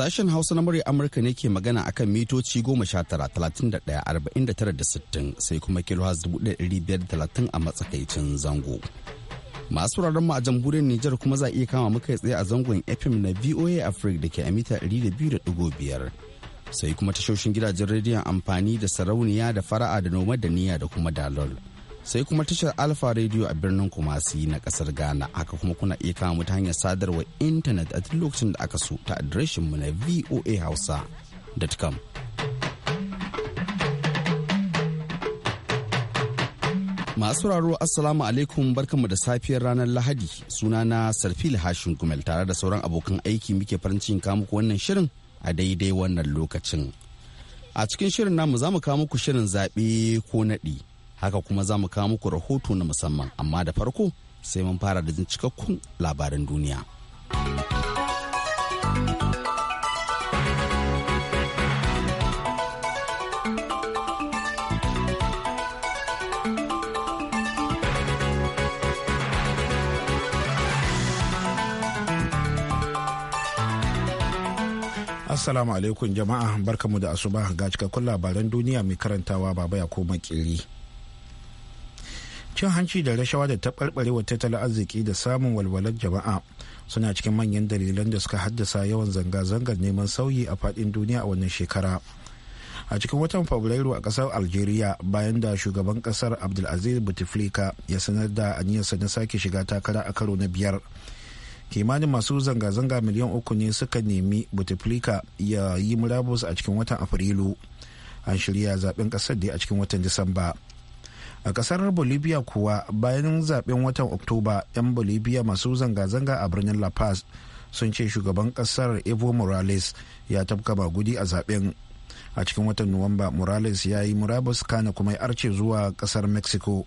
Sashen Hausa na murya Amurka ne ke magana akan mitoci 19,31,49,60 sai kuma kilo da 1,530 a matsakaicin zango. Masu wuraren mu a jamhuriyar Nijar kuma za a iya kama muka tsaye a zangon FM na VOA Africa da ke a mita biyar Sai kuma tashoshin gidajen rediyon amfani da sarauniya da fara'a da noma da niyya da kuma dalol. sai kuma tashar alfa radio a birnin kumasi na kasar ghana haka kuma kuna iya kama mu ta hanyar sadarwar intanet a duk lokacin da aka so ta adireshin mu na voa hausa.com masu raro assalamu alaikum barkanmu da safiyar ranar lahadi suna na sarfil hashin gumel tare da sauran abokan aiki muke farin cikin kawo wannan shirin a daidai wannan lokacin a cikin shirin namu za mu kawo muku shirin zaɓe ko naɗi haka kuma za mu kawo muku rahoto na musamman amma da farko sai mun fara da cikakkun labaran duniya. Assalamu alaikum jama'a barkamu da asuba ga cikakkun labaran duniya mai karantawa baba ya koma kiri. cin hanci da rashawa da wa tattalin arziki da samun walwalar jama'a suna cikin manyan dalilan da suka haddasa yawan zanga-zangar neman sauyi a faɗin duniya a wannan shekara a cikin watan fabrairu a ƙasar algeria bayan da shugaban ƙasar abdulaziz bouteflika ya sanar da aniyarsa na sake shiga takara a karo na biyar kimanin masu zanga-zanga miliyan uku ne suka nemi bouteflika ya yi murabus a cikin watan afrilu an shirya zaben ƙasar da a cikin watan disamba a kasar bolivia kuwa bayan zaben watan oktoba 'yan bolivia masu zanga-zanga a birnin la paz sun ce shugaban kasar evo morales ya tafka gudi a zaben a cikin watan nuwamba morales ya yi murabus kana kuma ya arce zuwa kasar mexico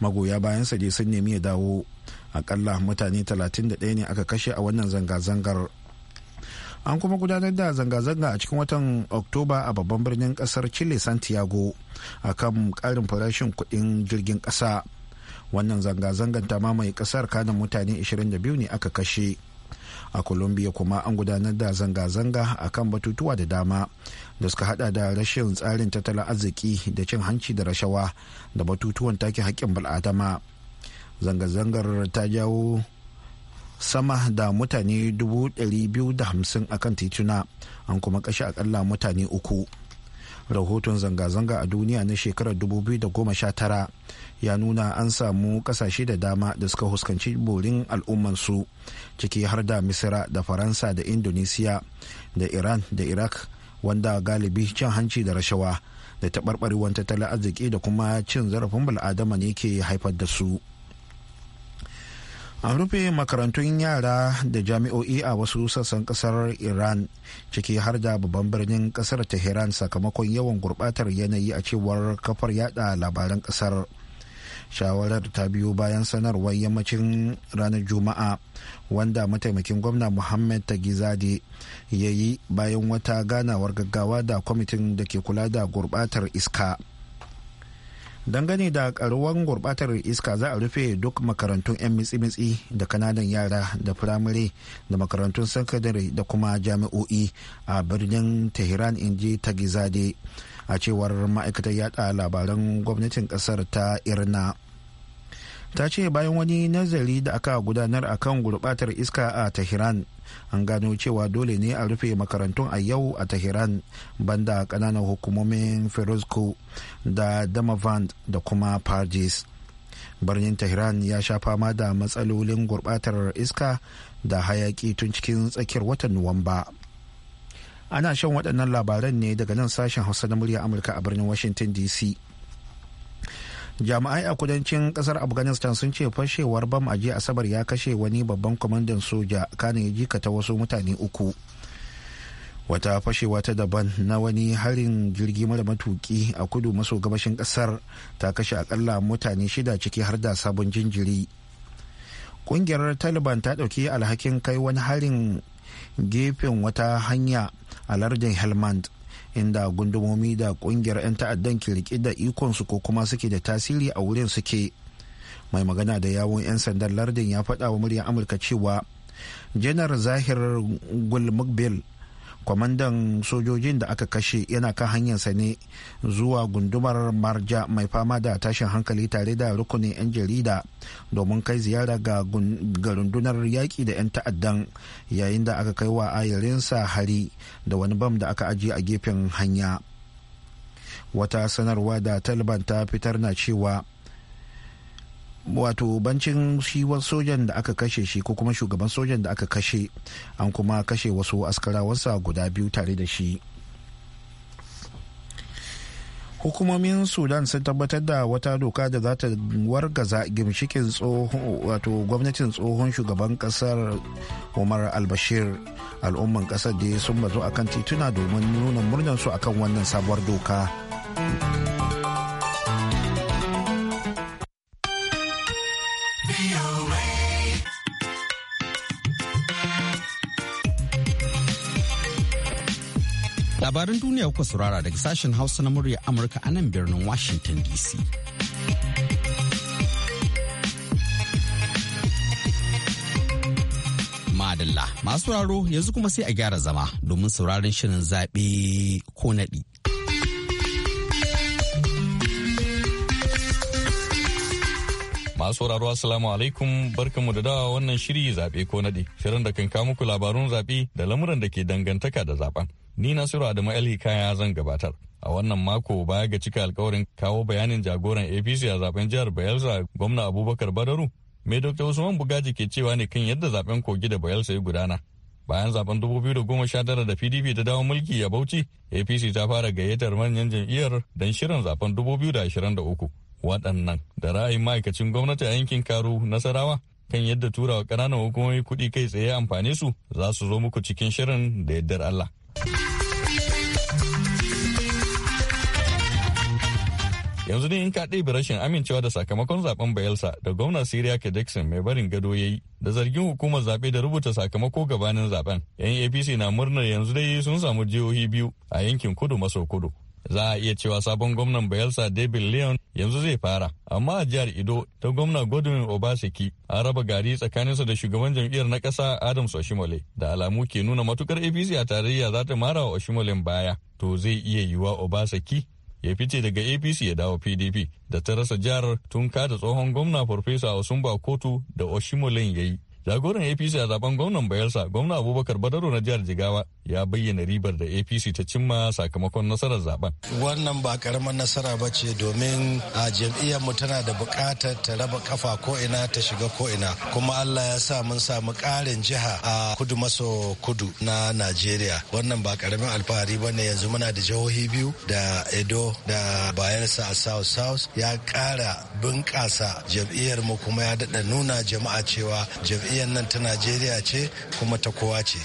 magoya bayansa je sun nemi ya dawo akalla mutane 31 ne aka kashe a wannan zanga-zangar an kuma gudanar da zanga-zanga a cikin watan oktoba a babban birnin kasar chile santiago a kan karin farashin kudin jirgin kasa wannan zanga zangar ta mamaye kasar kanin mutane 22 ne aka kashe a colombia kuma an gudanar da zanga-zanga a kan batutuwa da dama da suka hada da rashin tsarin tattalin arziki da cin hanci da rashawa da batutuwan take hakkin bal'adama zanga-zangar ta jawo sama da mutane 250 a kan tituna an kuma kashe akalla mutane uku rahoton zanga-zanga a duniya na shekarar 2019 ya nuna an samu kasashe da dama da suka huskanci borin al'ummansu ciki har da misira da faransa da indonesia da iran da iraq wanda galibi cin hanci da rashawa da taɓarɓarewar tattalin arziki da kuma cin zarafin bal'adama ne ke haifar da su. an rufe makarantun yara da jami'o'i a wasu sassan kasar iran ciki har da babban birnin kasar tehran sakamakon yawan gurbatar yanayi a cewar kafar yada labaran kasar shawarar ta biyo bayan sanarwar yammacin ranar juma'a wanda mataimakin gwamna muhammad tagizade ya yi bayan wata ganawar gaggawa da kwamitin da ke kula da gurbatar iska dangane da karuwan gurbatar iska za a rufe duk makarantun 'yan mitsi-mitsi da kananan yara da firamare da makarantun sakandare da kuma jami'o'i a birnin tehran in ta tagizade a cewar ma'aikatar yada labaran gwamnatin kasar ta irna ta ce bayan wani nazari da aka gudanar akan gurbatar iska a tehran an gano cewa dole ne a rufe makarantun a yau a tehran banda kananan hukumomin ferozco da damavand da kuma pardis birnin tehran ya sha fama da matsalolin gurbatar iska da hayaki tun cikin tsakiyar watan nuwamba ana shan waɗannan labaran ne daga nan sashen hausa na murya amurka a birnin washington dc jami'ai a kudancin kasar afghanistan sun ce fashewar bam a jiya asabar ya kashe wani babban kwamandan soja kana ya jikata wasu mutane uku wata fashewa ta daban na wani harin jirgi mara matuki a kudu maso gabashin kasar ta kashe akalla mutane shida ciki har da sabon jinjiri kungiyar taliban ta dauki alhakin kai wani harin gefen wata hanya a lardin helmand inda gundumomi da kungiyar 'yan ta'addan ke rike da ikonsu ko kuma suke da tasiri a wurin suke mai magana da yawon 'yan sandan lardin ya faɗa wa muryar amurka cewa janar zahir gulmukbil kwamandan sojojin da aka kashe yana kan hanyarsa ne zuwa gundumar marja mai fama da tashin hankali tare da rukunin 'yan jarida domin kai ziyara ga rundunar yaƙi da 'yan ta'addan yayin da aka kai wa ayarinsa hari da wani bam da aka ajiye a gefen hanya wata sanarwa da taliban ta fitar na cewa wato bancin shi sojan da aka kashe shi ko kuma shugaban sojan da aka kashe an kuma kashe wasu askarawansa guda biyu tare da shi hukumomin sudan sun tabbatar da wata doka da za ta wargaza gimshikin wato gwamnatin tsohon shugaban kasar umar albashir al'umman kasar da sun bazu akan tituna domin nuna murnansu akan wannan sabuwar doka. labaran duniya kuka saurara daga sashen hausa na murya amurka a nan birnin washington dc madalla masu sauraro yanzu kuma sai a gyara zama domin sauraron shirin zaɓe ko naɗi Masu sauraro Assalamu alaikum barkanmu da dawa wannan shiri zaɓe ko naɗi shirin da kan kawo muku labarun zaɓe da lamuran da ke dangantaka da zaɓen. Ni Nasiru Adamu Ali kaya zan gabatar. A wannan mako baya ga cika alkawarin kawo bayanin jagoran APC a zaben jihar Bayelsa gwamna Abubakar Badaru. Mai Dr. Usman Bugaji ke cewa ne kan yadda zaben kogi da Bayelsa ya gudana. Bayan zaben 2019 da PDP ta dawo mulki ya Bauchi, APC ta fara gayyatar manyan jam'iyyar don shirin zaben 2023. Waɗannan da ra'ayin ma'aikacin gwamnati a yankin Karu Nasarawa kan yadda turawa ƙananan hukumomi kuɗi kai tsaye amfani su za su zo muku cikin shirin da yaddar Allah. yanzu ne in ka ɗebe rashin amincewa da sakamakon zaben bayelsa da gwamnan siriya dixon mai barin gado ya yi da zargin hukumar zaɓe da rubuta sakamako gabanin zaben yan apc na murnar yanzu dai sun samu jihohi biyu a yankin kudu maso kudu za a iya cewa sabon gwamnan bayelsa david leon yanzu zai fara amma a jihar ido ta gwamna godwin obaseki an raba gari tsakaninsa da shugaban jam'iyyar na ƙasa adams oshimole da alamu ke nuna matukar apc a tarayya za ta mara wa oshimole baya to zai iya yiwuwa obaseki ya fice daga apc ya dawo pdp da ta rasa jihar tun kada tsohon gwamna farfesa osumba kotu da Oshimole ya yi jagoran apc a zaben gwamnan bayelsa gwamna abubakar badaro na jihar jigawa ya bayyana ribar da apc ta cimma sakamakon nasarar zaben wannan ba karamar nasara ba ce domin a jam'iyyar mu tana da bukatar ta raba kafa ko ina ta shiga ko ina kuma allah ya sa mun samu ƙarin jiha a kudu maso kudu na najeriya wannan ba karamin alfahari ba yanzu muna da jihohi biyu da edo da bayelsa a south south ya kara bunƙasa jam'iyyar mu kuma ya daɗa nuna jama'a cewa jam'iyyar nan ta najeriya ce kuma ta kowa ce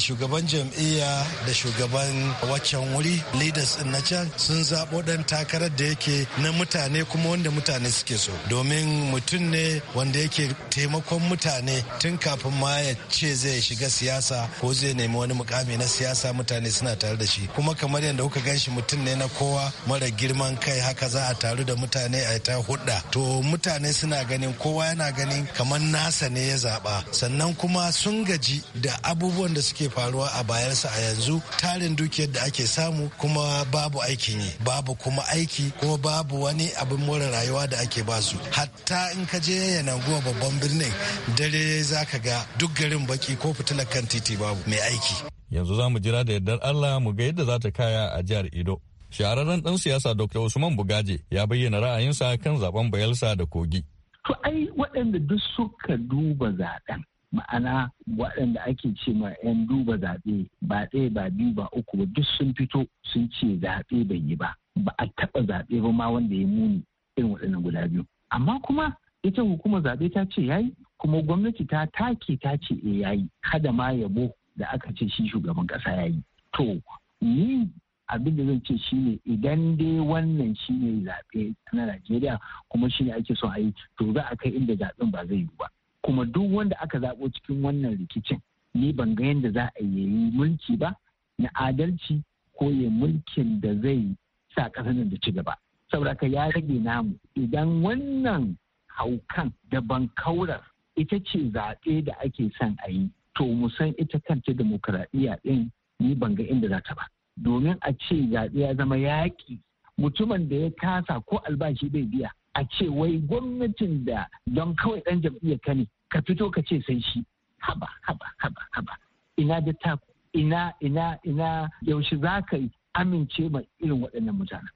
shugaban jam'iyyar jam'iyya da shugaban waccan wuri leaders din na can sun zaɓo ɗan takarar da yake na mutane kuma wanda mutane suke so domin mutum ne wanda yake taimakon mutane tun kafin ma ya ce zai shiga siyasa ko zai nemi wani mukami na siyasa mutane suna tare da shi kuma kamar yadda kuka gan shi mutum ne na kowa mara girman kai haka za a taru da mutane a ta hudda to mutane suna ganin kowa yana ganin kamar nasa ne ya zaɓa sannan kuma sun gaji da abubuwan da suke faruwa a baya iyayensu a yanzu tarin dukiyar da ake samu kuma babu aikin yi babu kuma aiki kuma babu wani abin more rayuwa da ake ba su hatta in ka je yananguwa babban birnin dare za ka ga duk garin baki ko fitilar kan titi babu mai aiki yanzu za mu jira da yardar allah mu ga yadda za ta kaya a jihar ido shahararren dan siyasa dr usman bugaje ya bayyana ra'ayinsa kan zaben bayelsa da kogi to ai waɗanda duk suka duba zaben ma'ana waɗanda ake ce ma 'yan duba zaɓe ba ɗaya ba biyu ba uku ba duk sun fito sun ce zaɓe bai yi ba ba a taɓa zaɓe ba ma wanda ya muni irin waɗannan guda biyu amma kuma ita hukumar zaɓe ta ce yayi kuma gwamnati ta take ta ce e eh yayi kada ma yabo da aka ce shi shugaban ƙasa yayi to ni abin da zan ce shine idan dai wannan shine zaɓe na Najeriya kuma shine ake so a yi to za a kai inda zaɓen ba zai yi ba kuma duk wanda aka zaɓo cikin wannan rikicin ni ban ga yadda za a yi mulki ba na adalci ko ya mulkin da zai sa ƙasar da ci gaba saboda ya rage namu idan wannan haukan da ban kaurar ita ce zaɓe da ake son a yi to mu san ita kanta demokuraɗiyya ɗin ni ban ga inda za ta ba domin a ce zaɓe ya zama yaƙi mutumin da ya kasa ko albashi bai biya a ce wai gwamnatin da don kawai ɗan jam'iyyar ka ne ka fito ka ce sai shi haba haba haba haba ina da ta ina ina ina yaushe za ka amince ma irin waɗannan mutanen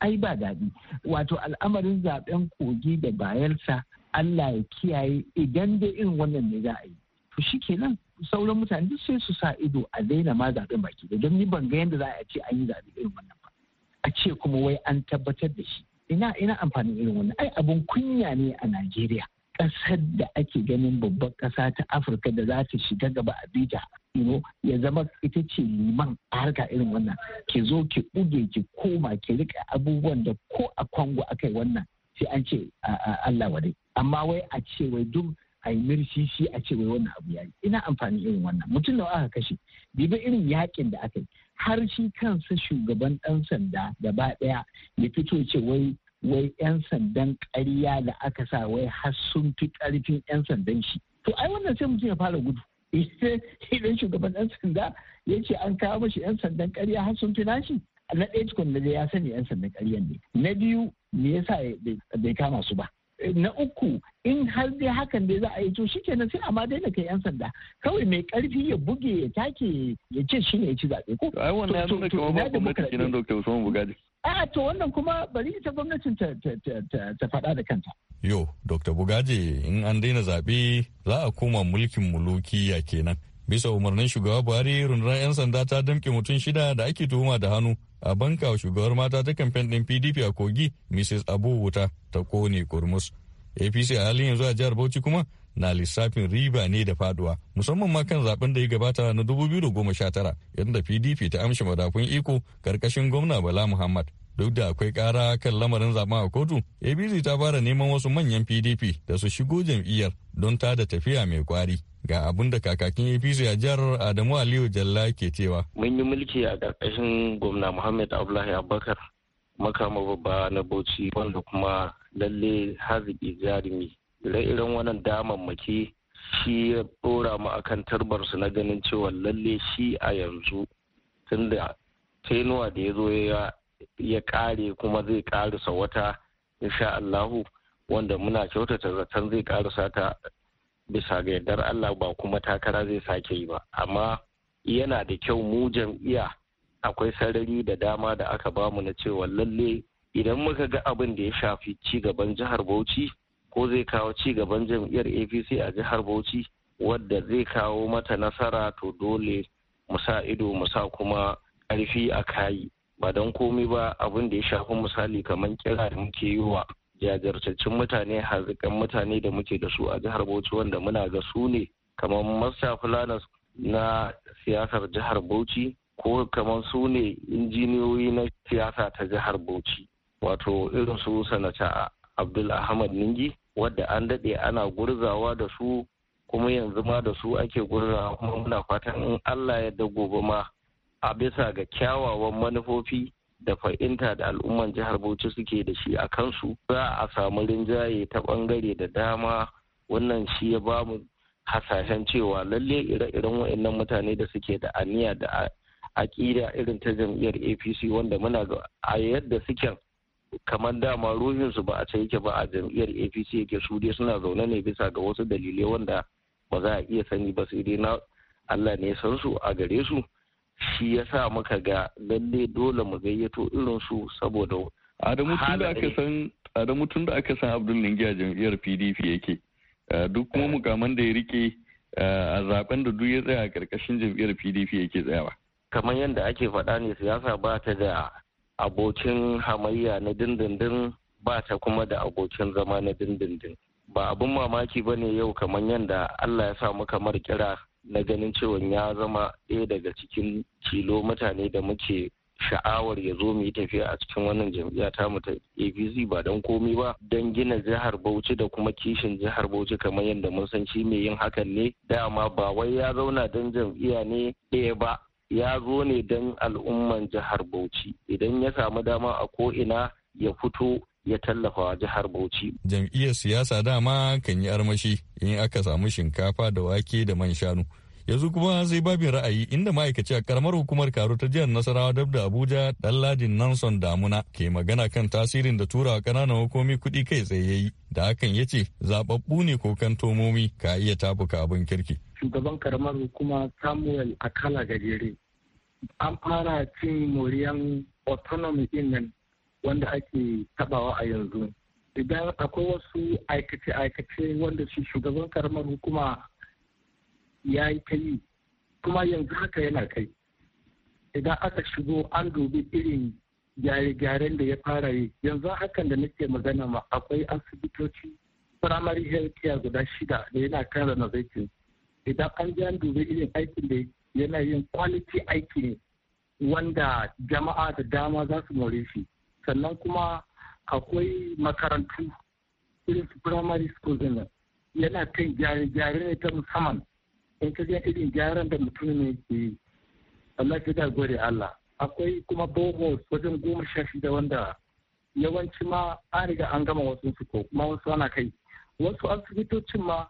ai ba daɗi wato al'amarin zaben kogi da bayelsa Allah ya kiyaye idan dai irin wannan ne za a yi to shikenan sauran mutane duk sai su sa ido a daina ma zaben baki da don ni ban ga yadda za a ce an yi zaɓe irin wannan ba a ce kuma wai an tabbatar da shi ina ina amfanin irin wannan ai abun kunya ne a Najeriya ƙasar da ake ganin babban kasa ta afirka da za ta shiga gaba a abuja ya zama ita ce liman a harka irin wannan ke zo ke uge ki koma ke rika abubuwan da ko a kwango aka yi wannan sai an ce allah wadai amma wai a ce wai duk a yi shi a ce wai wannan abu yayi ina amfani irin wannan mutum nawa aka kashe bibi irin yakin da aka yi har shi kansa shugaban dan sanda gaba daya ya fito ce wai wai 'yan sandan ƙarya da aka sa wai har sun fi ƙarfin 'yan sandan shi to ai wannan sai mutum ya fara gudu idan shugaban 'yan sanda ya ce an kawo mashi 'yan sandan ƙarya har sun fi nashi na ɗaya tukun da ya sani 'yan sandan ƙaryan ne na biyu me yasa bai kama su ba Eh, na uku in har dai hakan dai za a yi to shikenan sai amma dai kai yan sanda kawai mai karfi ya buge ya take ya ce shi ne ya ci zaɓe ko. ai wannan ya nuna kamar ba gwamnati nan dokta usman bugadi. a to wannan kuma bari ita gwamnatin ta faɗa da kanta. yo dokta bugaje in an daina zaɓe za a koma mulkin mulukiya kenan bisa umarnin shugaba buhari rundunar 'yan sanda ta damke mutum shida da ake tuhuma da hannu a banka shugabar mata ta kamfen din pdp a kogi mrs abu wuta ta kone kurmus apc a halin yanzu a jihar bauchi kuma na lissafin riba ne da faduwa musamman ma kan zaben da ya gabata na 2019 yadda pdp ta amshi madafun iko karkashin gwamna bala muhammad duk da akwai kara kan lamarin zama a kotu abc ta fara neman wasu manyan pdp da su shigo jam'iyyar don ta da tafiya mai kwari ga abin da kakakin apc a jihar adamu aliyu jalla ke cewa mun yi mulki a ƙarƙashin gwamna muhammad abdullahi abubakar makama babba na bauchi wanda kuma lalle haziki jarumi ire-iren wannan damammaki shi ya ɗora mu akan tarbarsu na ganin cewa lalle shi a yanzu tunda tenuwa da ya zo ya ya kare kuma zai karisa wata insha Allahu wanda muna kyautata zaton zai karisa ta bisa ga yardar Allah ba kuma takara zai sake yi ba amma yana da kyau mu jam'iyya akwai sarari da dama da aka bamu na cewa lalle idan muka ga abin da ya shafi ci gaban jihar Bauchi ko zai kawo ci gaban jam'iyyar APC a jihar Bauchi wadda zai kawo mata nasara to dole mu sa ido mu sa kuma ƙarfi a kayi ba don komi ba abin da ya shafi misali kamar kira da muke yi wa jajirtaccen mutane harzikan mutane da muke da su a jihar bauchi wanda muna ga su ne kamar master planners na siyasar jihar bauchi ko kamar su ne injiniyoyi na siyasa ta jihar bauchi wato irin su sanata abdul ahmad ningi wadda an daɗe ana gurzawa da su kuma yanzu ma da su ake gurzawa kuma muna fatan in allah ya gobe ma a bisa ga kyawawan manufofi da fahimta da al'umman jihar Bauchi suke da shi a kansu za a samu rinjaye ta bangare da dama wannan shi ya ba mu hasashen cewa lalle ire-iren wa'annan mutane da suke da aniya da aƙida irin ta jam'iyyar apc wanda muna ga a yadda suke kamar dama ruhinsu ba a ce yake ba a jam'iyyar apc yake su dai suna zaune ne bisa ga wasu dalilai wanda ba za a iya sani ba sai dai na allah ne san su a gare su shi ya sa muka ga lalle dole mu gayyato irin su saboda Adamu tun da aka san da aka san Abdul Ningi a jam'iyyar PDP yake eh, duk kuma eh. mukaman da ya rike eh, a zaben da duk ya tsaya a karkashin jam'iyyar PDP yake tsayawa kamar yadda ake faɗa ne siyasa ba ta da abokin hamayya na dindindin ba ta kuma da abokin zama na dindindin ba abin mamaki ba ne yau kamar yadda Allah ya sa muka mar kira na ganin cewa ya zama ɗaya daga cikin kilo mutane da muke sha'awar ya zo mu yi tafiya a cikin wannan jam'iyya ta mu ta APC ba don komi ba don gina jihar Bauchi da kuma kishin jihar Bauchi kamar yadda mun san shi mai yin hakan ne dama ba wai ya zauna don jam'iyya ne ɗaya ba ya zo ne don al'umman jihar Bauchi idan ya samu dama a ko ina ya fito ya tallafa wa jihar Bauchi. Jam'iyyar siyasa dama kan yi armashi in aka samu shinkafa da wake da man shanu. Yanzu kuma sai babin ra'ayi inda ma'aikaci a karamar hukumar Karo ta jihar Nasarawa dab da Abuja Ɗanladin Nanson Damuna ke magana kan tasirin da tura ƙananan hukumi kuɗi kai tsaye yi da hakan ya ce zaɓaɓɓu ne ko kan tomomi ka iya tafuka abin kirki. Shugaban karamar hukuma Samuel Akala Gajere an fara cin moriyan autonomy din nan wanda ake tabawa a yanzu idan akwai wasu aikace-aikace wanda shi shugaban karamar hukuma ya yi ta yi kuma yanzu haka yana kai idan aka shigo an dubi irin gyare-gyaren da ya fara yi yanzu hakan da nake magana ma akwai asibitoci primary health care guda shida da yana kan renovation idan an ji an dubi irin aikin da yana yin quality aiki wanda jama'a da dama za su more shi sannan kuma akwai makarantu irin su primary school din yana kan gyare-gyare ne ta musamman in ka ga irin gyaran da mutum ne ke yi Allah ya gode Allah akwai kuma bohos wajen goma sha shida wanda yawanci ma an riga an gama wasu su ko kuma wasu ana kai wasu asibitocin ma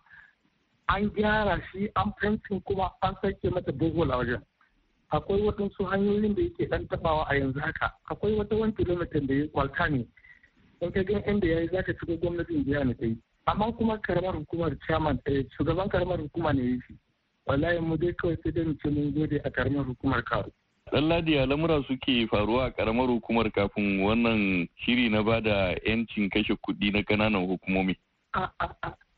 an gyara shi an fentin kuma an sake mata bohol a wajen akwai waɗansu hanyoyin da yake ɗan tabawa a yanzu haka akwai wata wani kilomita da ya kwalta ne in ka gan inda ya yi za ka shiga gwamnatin jiya ne ta yi amma kuma karamar hukumar chairman eh, shugaban karamar hukuma ne ya wallahi mu dai kawai sai dai mu ce mun gode a karamar hukumar karo Lalladi ya lamura suke faruwa a karamar hukumar kafin wannan shiri na bada 'yancin kashe kuɗi na ƙananan hukumomi.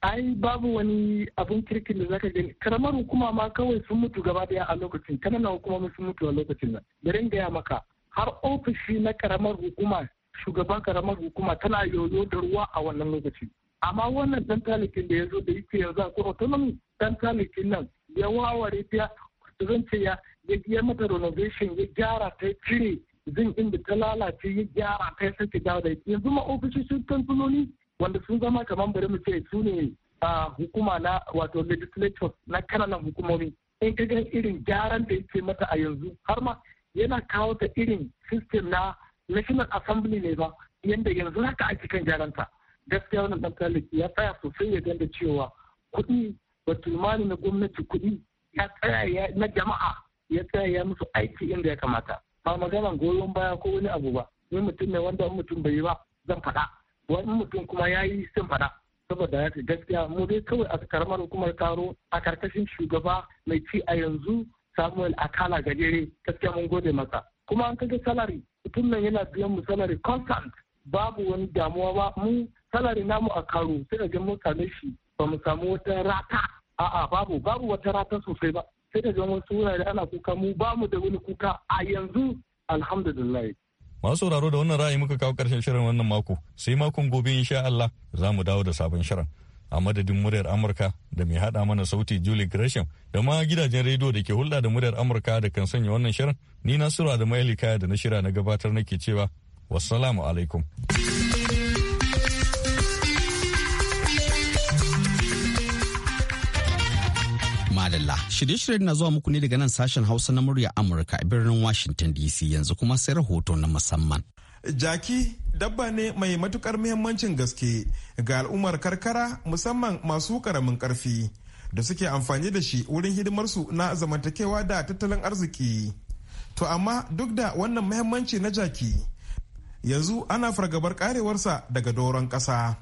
ai babu wani abin kirkin da zaka gani karamar hukuma ma kawai sun mutu gaba daya a lokacin kananan hukumomi sun mutu a lokacin nan rin gaya maka har ofishi na karamar hukuma shugaban karamar hukuma tana yoyo da ruwa a wannan lokaci amma wannan dan talikin da ya zo da yake yanzu ko autonomy dan talikin nan ya waware ta zan ce ya ya mata renovation ya gyara ta cire zin inda ta lalace ya gyara ta sake dawo da yanzu ma sun kamfanoni wanda sun zama kamar bari mu ce su ne hukuma na wato legislature na kananan hukumomi in ka gan irin gyaran da yake mata a yanzu har ma yana kawo ta irin system na national assembly ne ba yanda yanzu haka ake kan gyaranta gaskiya wannan dan talaki ya tsaya sosai ya ganda cewa kuɗi tumani na gwamnati kuɗi ya tsaya na jama'a ya tsaya ya musu aiki inda ya kamata ba maganan goyon baya ko wani abu ba ni mutum ne wanda mutum bai yi ba zan faɗa wani mutum kuma ya yi sun fada saboda ya gaskiya mu dai kawai a karamar hukumar karo a karkashin shugaba mai ci a yanzu samuel akala gajere gaskiya mun gode masa kuma an kaga salari mutum nan yana biyan mu salari constant babu wani damuwa ba mu salari namu a karo sai ga mun same shi ba mu samu wata rata a'a babu babu wata rata sosai ba sai da ga wasu wurare ana kuka mu bamu da wani kuka a yanzu alhamdulillah Masu sauraro da wannan ra'ayi muka kawo ƙarshen shirin wannan mako sai makon gobe insha Allah za mu dawo da sabon shirin. A madadin muryar Amurka da mai haɗa mana sauti Julie Gresham da ma gidajen rediyo da ke hulɗa da muryar Amurka da kan sanya wannan shirin ni na sura da mai kaya da na shira na gabatar nake cewa wassalamu alaikum. Madalla. Shirye-shiryen na zuwa muku ne daga nan sashen Hausa na murya Amurka a birnin Washington DC yanzu kuma sai rahoto na musamman. Jaki dabba ne mai matukar muhimmancin gaske ga al'ummar karkara musamman masu karamin karfi da suke amfani da shi wurin hidimarsu na zamantakewa da tattalin arziki. To amma duk da wannan muhimmanci na jaki yanzu ana fargabar karewarsa daga doron ƙasa.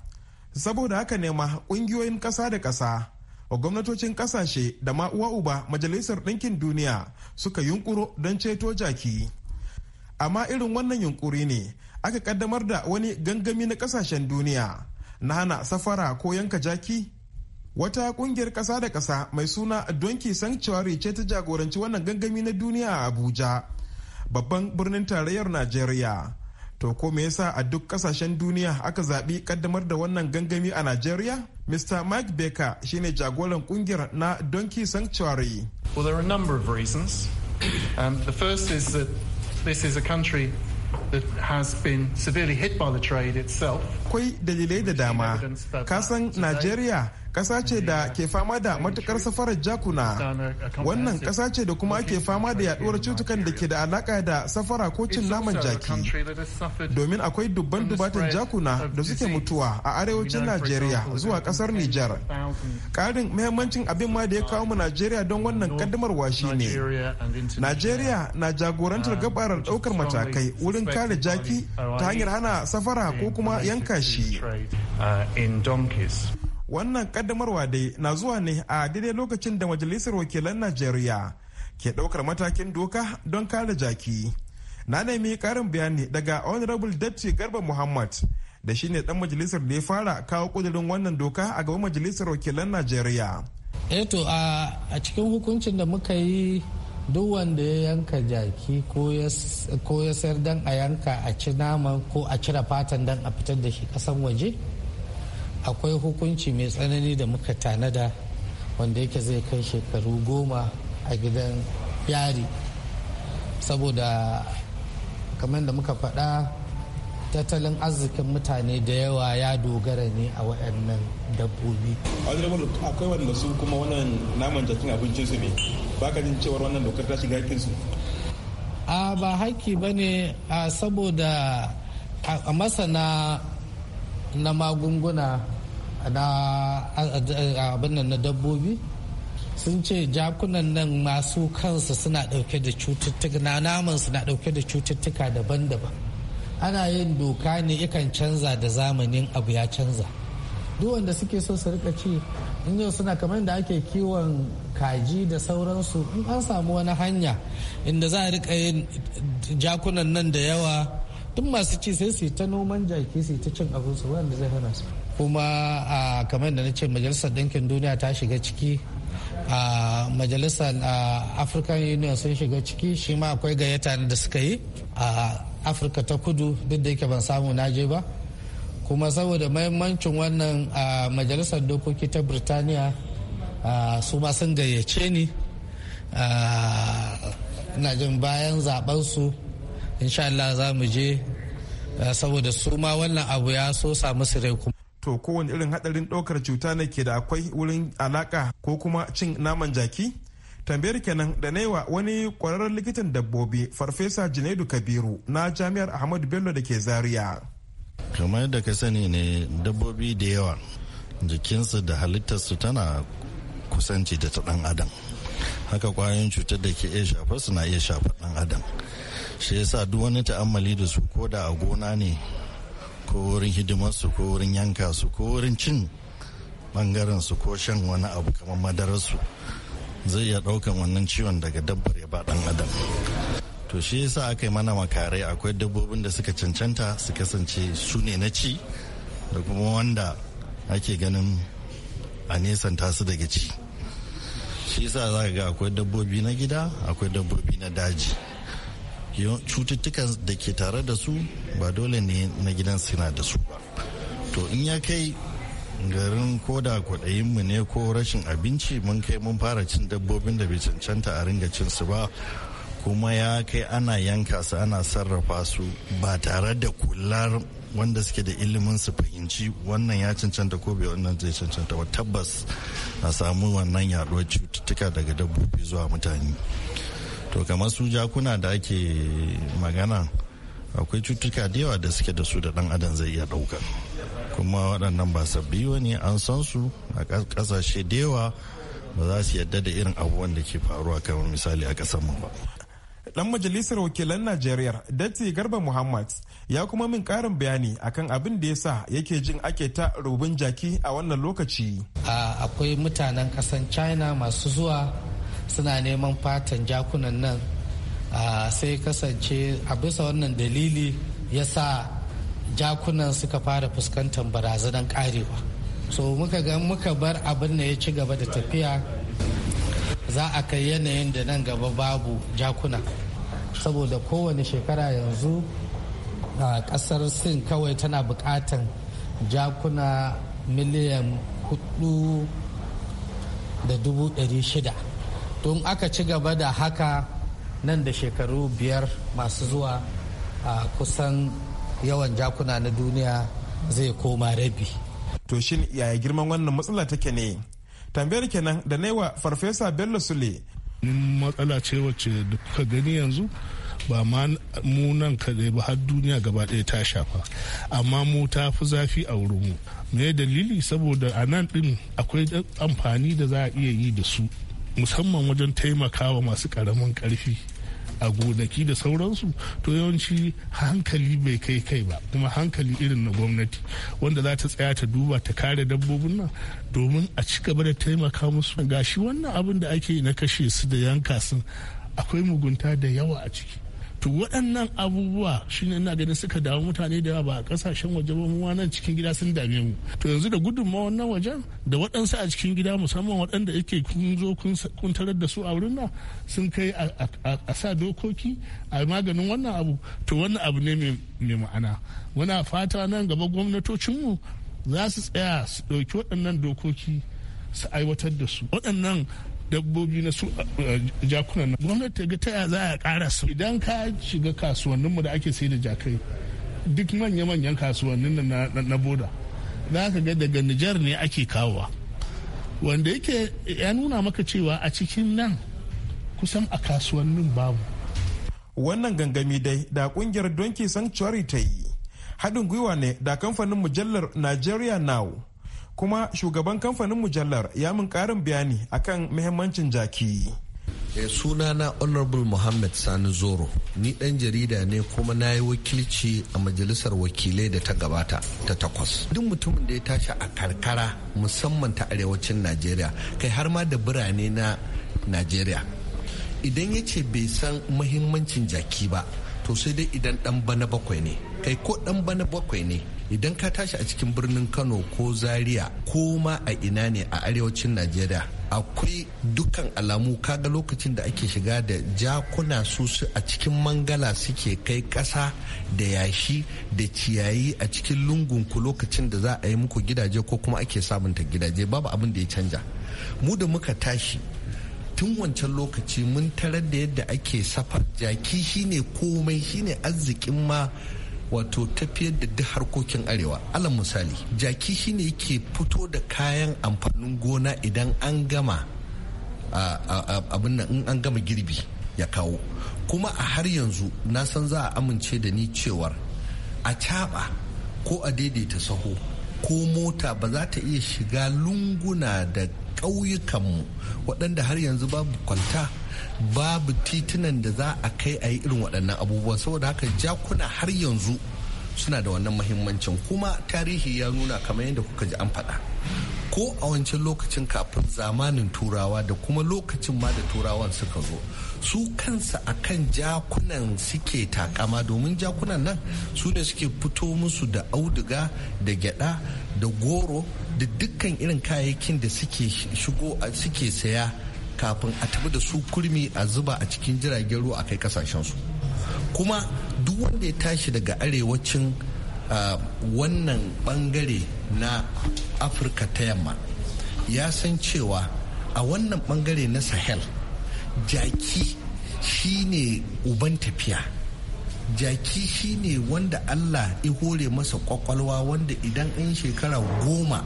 Saboda haka nema ƙungiyoyin ƙasa da ƙasa gwamnatocin kasashe da ma uwa uba majalisar ɗinkin duniya suka yunkuro don ceto jaki amma irin wannan yunkuri ne aka kaddamar da wani gangami na kasashen duniya na hana safara ko yanka jaki wata kungiyar ƙasa da ƙasa mai suna donkey sanctuary ce ta jagoranci wannan gangami na duniya a abuja babban birnin tarayyar najeriya to ko me yasa a duk kasashen duniya aka zaɓi kaddamar da wannan gangami a Najeriya? Mr. Mike Baker shine jagoran kungiyar na Donkey Sanctuary. Well, there are a number of reasons. Um, the first is that this is a country that has been severely hit by the trade itself. Kwai dalilai da dama. Kasan Najeriya ƙasa ce da ke fama da matukar safarar jakuna wannan ƙasa ce da kuma ake fama da yaduwar cutukan da ke da alaka da safara ko cin naman jaki domin akwai dubban dubatan jakuna da suke mutuwa a arewacin najeriya zuwa ƙasar nijar ƙarin muhimmancin abin ma da ya kawo mu najeriya don wannan kaddamarwa ne najeriya na jagorantar gabarar ɗaukar matakai wurin kare jaki ta hanyar hana safara ko kuma yanka shi wannan kaddamarwa dai na zuwa ne a daidai lokacin da majalisar wakilan najeriya ke daukar matakin doka don kare jaki na nemi karin bayani daga honorable datti garba muhammad da shine dan majalisar da ya fara kawo kudurin wannan doka a gaban majalisar wakilan najeriya eto eh a cikin hukuncin da muka yi duk wanda ya yanka jaki ko ya sayar dan a yanka a ci naman ko a cire fatan dan a fitar da shi kasan waje akwai hukunci mai tsanani da muka tanada wanda yake zai kai shekaru goma a gidan yari saboda kamar da muka faɗa tattalin arzikin mutane da yawa ya dogara ne a waɗannan dabbobi. akwai wanda su kuma wannan naman jakin abincinsu ne ba ka jin cewar wannan dokar ta shiga su. a ba haƙƙi ba ne saboda a masana na magunguna na abin na dabbobi sun ce jakunan nan masu kansu suna dauke da cututtuka na naman suna dauke da cututtuka daban-daban ana yin doka ne ikan canza da zamanin abu ya canza duk wanda suke so su rika ci in yau suna kamar da ake kiwon kaji da sauransu in an samu wani hanya inda za a rika yin jakunan nan da yawa duk masu ci sai su ta noman jaki su ta cin abinsu wanda zai hana su kuma a kamar da na ce majalisar ɗinkin duniya ta shiga ciki a majalisar african union sun shiga ciki shi ma akwai gayyata da suka yi a afirka ta kudu duk da yake ban samu naje ba kuma saboda mahimmancin wannan a majalisar dokoki ta birtaniya su ma sun gayyace ni na jin bayan zabensu insha Allah za mu je saboda su ma wannan abu ya so samu sirai kuma to kowane irin hadarin ɗaukar cuta ne ke da akwai wurin alaka ko kuma cin naman jaki tambayar kenan da naiwa wani kwararren likitan dabbobi farfesa junaidu kabiru na jami'ar ahmadu bello da ke zaria kamar yadda ka sani ne dabbobi da yawa jikinsu da halittarsu tana kusanci da ta dan adam haka kwayoyin cutar da ke iya shafa suna iya shafar dan adam shi yasa duk wani ta'ammali da su ko da a gona ne ko wurin hidimarsu ko wurin yanka su ko wurin cin bangaren su ko shan wani abu kamar madarar su zai iya ɗaukan wannan ciwon daga dabbar ya ba ɗan adam to shi yasa aka yi mana makarai akwai dabbobin da suka cancanta su kasance su ne na ci da kuma wanda ake ganin a nesanta tasu daga ci shi yasa za ga akwai dabbobi na gida akwai dabbobi na daji cututtukan da ke tare da su ba dole ne na gidan suna da su to in ya kai garin koda kwaɗayinmu ne ko rashin abinci mun kai mun fara cin dabbobin da bai cancanta a ringa cin su ba kuma ya kai ana yanka su ana sarrafa su ba tare da kular wanda suke da ilimin su fahimci wannan ya cancanta ko bai wannan zai cancanta ba tabbas a samu wannan yaduwar cututtuka daga dabbobi zuwa mutane to kamar su jakuna da ake magana akwai cututtuka da yawa da suke da su da dan adam zai iya ɗauka kuma waɗannan ba sabbi ne an san su a ƙasashe da yawa ba za su yadda da irin abubuwan da ke faruwa kamar misali a ƙasar mu ba dan majalisar wakilan najeriya datti garba muhammad ya kuma min karin bayani akan abin da ya sa yake jin ake ta rubin jaki a wannan lokaci akwai mutanen kasan china masu zuwa suna neman fatan jakunan nan sai kasance a bisa wannan dalili ya sa jakunan suka fara fuskantar barazanar karewa so muka ga muka bar abin da ya ci gaba da tafiya za a kai yanayin da nan gaba babu jakuna saboda kowane shekara yanzu a kasar sin kawai tana bukatan jakuna miliyan hudu da dubu shida tun aka ci gaba da haka nan da shekaru biyar masu zuwa a kusan yawan jakuna na duniya zai koma rabi to shin yaya girman wannan matsala take ne tambayar kenan da naiwa farfesa bello sule matsala ce wacce da kuka gani yanzu ba ma mu nan kadai ba har duniya gaba ɗaya ta shafa amma mu ta fi zafi a wurin mu me dalili saboda a nan ɗin akwai amfani da za a iya yi da su musamman wajen taimakawa masu karamin karfi a gonaki da sauransu to yawanci hankali bai kai kai ba kuma hankali irin na gwamnati wanda za ta tsaya ta duba ta kare dabbobin nan domin a ci gaba da taimaka musu gashi wannan abin da ake na kashe su da yanka sun akwai mugunta da yawa a ciki to waɗannan abubuwa shine ina ganin suka dawo mutane da ba a kasashen waje ba mu nan cikin gida sun dame mu to yanzu da gudunmawar na wajen da waɗansu a cikin gida musamman waɗanda yake kun zo kun tarar da su a wurin nan sun kai a sa dokoki a maganin wannan abu to wannan abu ne mai ma'ana muna fata nan gaba gwamnatocinmu za su tsaya su ɗauki waɗannan dokoki su aiwatar da su waɗannan dabbobi na su jakunan nan gwamnati ga ta za a kara su idan ka shiga kasuwanninmu da ake sai da jakai duk manya-manyan kasuwannin na boda za ka ga daga nijar ne ake kawowa wanda yake ya nuna maka cewa a cikin nan kusan a kasuwannin babu wannan gangami dai da kungiyar donkey sanctuary ta yi haɗin gwiwa ne da kamfanin mujallar nigeria now kuma shugaban kamfanin mujallar ya min karin bayani akan muhimmancin jaki eh, sunana honorable muhammad sani zoro ni dan jarida ne kuma na yi wakilci a majalisar wakilai da ta gabata ta takwas duk mutumin da ya tashi a karkara musamman ta arewacin najeriya kai har ma da birane na najeriya idan ya ce bai san mahimmancin jaki ba to sai dai idan dan bana bakwai ne kai ko dan bana bakwai ne idan ka tashi a cikin birnin kano ko zaria ko ma a ina ne a arewacin najeriya akwai dukkan alamu kaga lokacin da ake shiga da jakuna su a cikin mangala suke kai ƙasa da yashi da ciyayi a cikin lungunku lokacin da za a yi muku gidaje ko kuma ake sabunta gidaje babu abin da ya canja mu da muka tashi tun wancan lokaci mun tarar da yadda ake safar jaki shine komai shine arzikin ma wato tafiyar da duk harkokin arewa alal misali jaki shine yake fito da kayan amfanin gona idan an gama abin in an gama girbi ya kawo kuma a har yanzu na san za a amince da ni cewar a caɓa ko a daidaita saho ko mota ba za ta iya shiga lunguna da ƙauyukanmu waɗanda har yanzu babu kwanta babu titunan da za a kai a yi irin waɗannan abubuwa saboda haka jakuna har yanzu suna da wannan mahimmancin kuma tarihi ya nuna kamar yadda kuka ji an faɗa ko a wancan lokacin kafin zamanin turawa da kuma lokacin ma da turawan suka zo su kansa a kan jakunan suke takama domin jakunan nan su ne suke fito musu da auduga da gyada da goro da dukkan irin kayayyakin da suke suke saya kafin a tafi da su kurmi a zuba a cikin jiragen ruwa a kai kasashensu kuma duk wanda ya tashi daga arewacin ah, wannan bangare na afirka ta yamma ya san cewa a wannan bangare na sahel jaki shine uban tafiya jaki shine wanda allah ya hore masa kwakwalwa wanda idan an shekara goma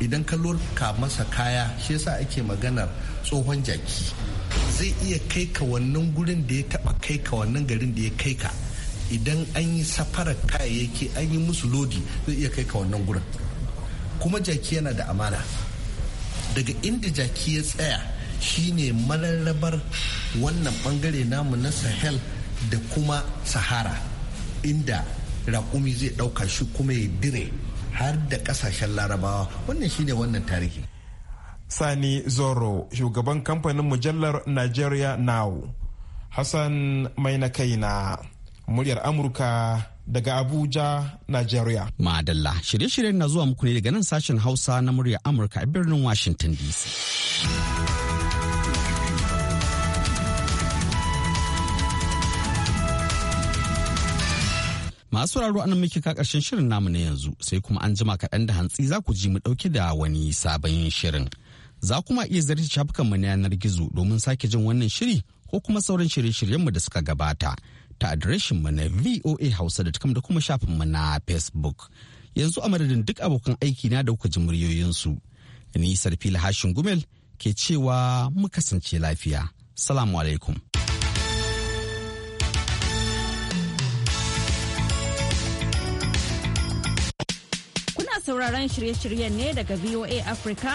idan ka lurka masa kaya shi yasa ake maganar tsohon jaki zai iya kai ka wannan gurin da ya taba kai ka wannan garin da ya kai ka idan an yi safarar kayayyaki an yi musu lodi zai iya kai ka wannan gurin kuma jaki yana da amana daga inda jaki ya tsaya shine mararrabar wannan bangare namu na sahel da kuma sahara inda raƙumi zai ɗauka shi kuma ya dire har da kasashen larabawa wannan shine wannan tarihi sani zoro shugaban kamfanin mujallar nigeria now hassan mai na muryar amurka daga abuja nigeria madalla shirye-shiryen na zuwa muku ne daga nan sashen hausa na muryar amurka a birnin washington dc Masu sauraro anan muke ka karshen shirin namu na yanzu sai kuma an jima kaɗan da hantsi za ku ji mu ɗauke da wani sabon shirin. Za kuma iya zarta shafukanmu na yanar gizo domin sake jin wannan shiri ko kuma sauran shirye-shiryenmu da suka gabata ta mu na voa hausa da da kuma mu na facebook. Yanzu a madadin duk abokan aiki na da kuka ji muryoyinsu. Ni Sarfila Hashin Gumel ke cewa mu kasance lafiya. Salamu alaikum. sauraron shirye-shiryen ne daga VOA Africa